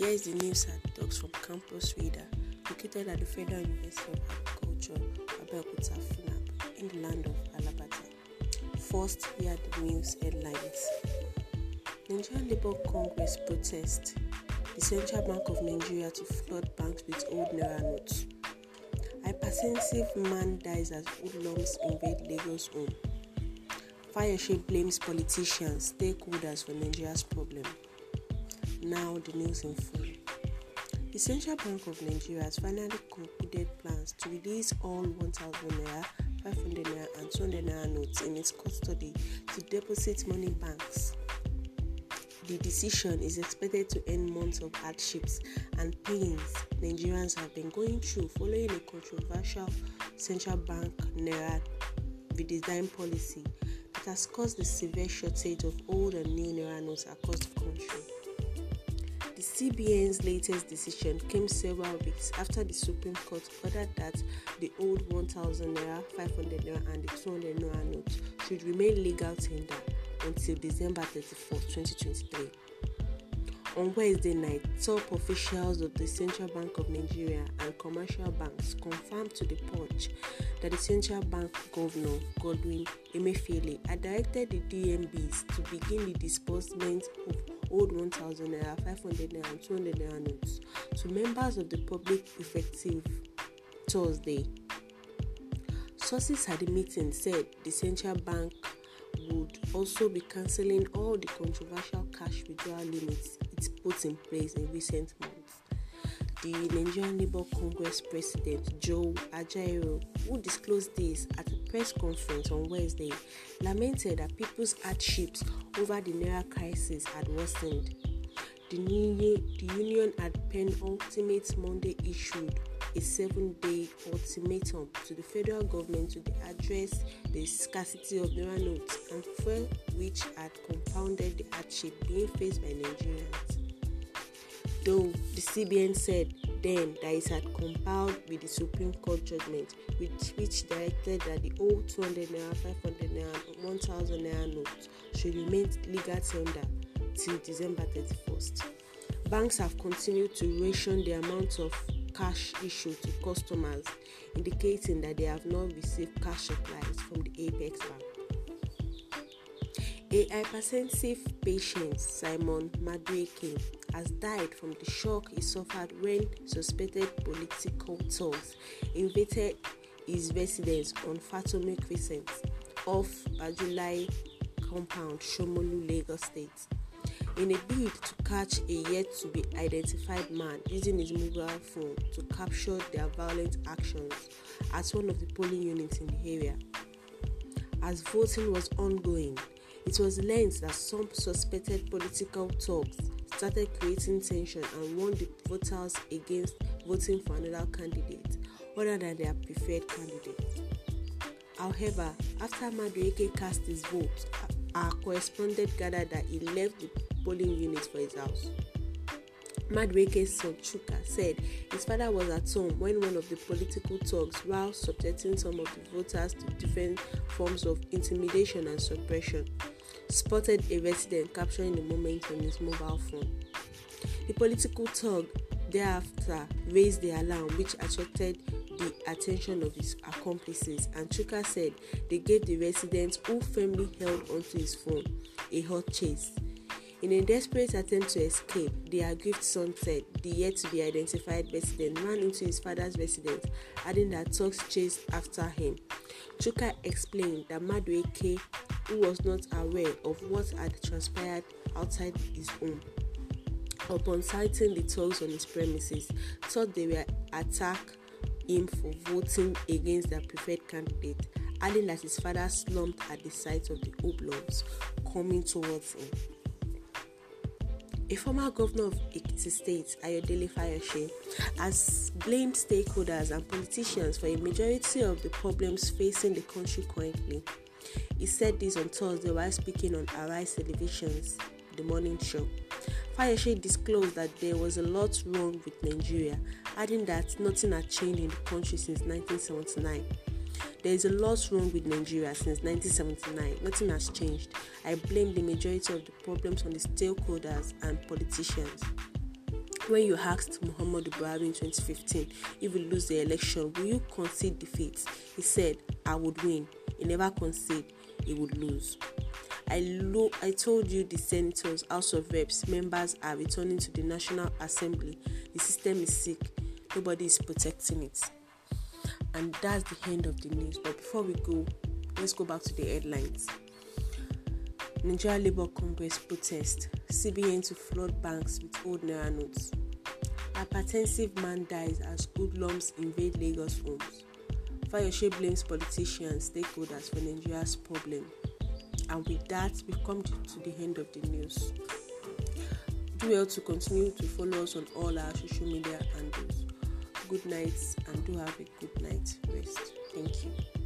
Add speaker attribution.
Speaker 1: Here is the news and talks from Campus Reader, located at the Federal University of Agriculture, Abeokuta, Funab, in the land of Alabata. First, here are the news headlines. Nigerian Labour Congress protest the Central Bank of Nigeria to flood banks with old naira notes. Hypersensitive man dies as hoodlums invade Lagos home. Fayoshe blames politicians, stakeholders for Nigeria's problem. Now the news in full. The Central Bank of Nigeria has finally concluded plans to release all 1,000 naira, 500 naira, and 200 naira notes in its custody to deposit money banks. The decision is expected to end months of hardships and pains Nigerians have been going through following a controversial central bank naira redesign policy that has caused a severe shortage of old and new naira notes across the country. The CBN's latest decision came several weeks after the Supreme Court ordered that the old 1000 naira, 500 naira and the 200 naira notes should remain legal tender until December 31, 2023. On Wednesday night, top officials of the Central Bank of Nigeria and commercial banks confirmed to the Punch that the Central Bank Governor Godwin Emefiele had directed the DMBs to begin the disbursement of old 1,000 naira, 500 and 200 notes to members of the public effective Thursday. Sources at the meeting said the central bank would also be cancelling all the controversial cash withdrawal limits it put in place in recent months. The Nigerian Labour Congress President Joe Ajayo, who disclosed this at a press conference on Wednesday, lamented that people's hardships over the Naira crisis had worsened. The, new, the union had penultimate Monday issued a seven day ultimatum to the federal government to address the scarcity of naira notes and fuel, which had compounded the hardship being faced by Nigerians. Though the CBN said then that it had complied with the Supreme Court judgment, which, which directed that the old 200 naira, 500 naira, 1000 naira notes should remain legal tender till December 31st. Banks have continued to ration the amount of cash issue to customers, indicating that they have not received cash supplies from the Apex Bank. A hypersensitive patient, Simon Madueke, has died from the shock he suffered when suspected political thugs invaded his residence on Fatome Crescent off Bajulai compound, Shomolu, Lagos State in a bid to catch a yet to be identified man using his mobile phone to capture their violent actions at one of the polling units in the area. As voting was ongoing, it was learned that some suspected political talks started creating tension and warned the voters against voting for another candidate other than their preferred candidate. However, after Madueke cast his vote, our correspondent gathered that he left the bowling unit for his house. Madweke Sochuka said his father was at home when one of the political thugs, while subjecting some of the voters to different forms of intimidation and suppression, spotted a resident capturing the moment on his mobile phone. The political thug thereafter raised the alarm, which attracted the attention of his accomplices, and Chuka said they gave the resident who firmly held onto his phone a hot chase. In a desperate attempt to escape, the aggrieved son said the yet to be identified resident ran into his father's residence, adding that thugs chased after him. Chuka explained that Madueke, who was not aware of what had transpired outside his home, upon sighting the thugs on his premises, thought they were attack him for voting against their preferred candidate, adding that his father slumped at the sight of the oblongs coming towards him a former governor of Ekiti State, Ayodele Fayoshe, has blamed stakeholders and politicians for a majority of the problems facing the country currently. He said this on Thursday while speaking on Arise Television's The Morning Show. Fayoshe disclosed that there was a lot wrong with Nigeria, adding that nothing had changed in the country since 1979. There is a lot wrong with Nigeria since 1979. Nothing has changed. I blame the majority of the problems on the stakeholders and politicians. When you asked Muhammadu Buhari in 2015 if we lose the election, will you concede defeat? He said, I would win. He never conceded, he would lose. I, lo- I told you the senators, House of Reps, members are returning to the National Assembly. The system is sick. Nobody is protecting it. And that's the end of the news. But before we go, let's go back to the headlines. Nigeria Labour Congress protest CBN to flood banks with old naira notes. Hypertensive man dies as hoodlums invade Lagos homes. Fayoshe blames politicians, stakeholders for Nigeria's problem. And with that, we've come to the end of the news. Do well to continue to follow us on all our social media and good night and do have a good night rest. Thank you.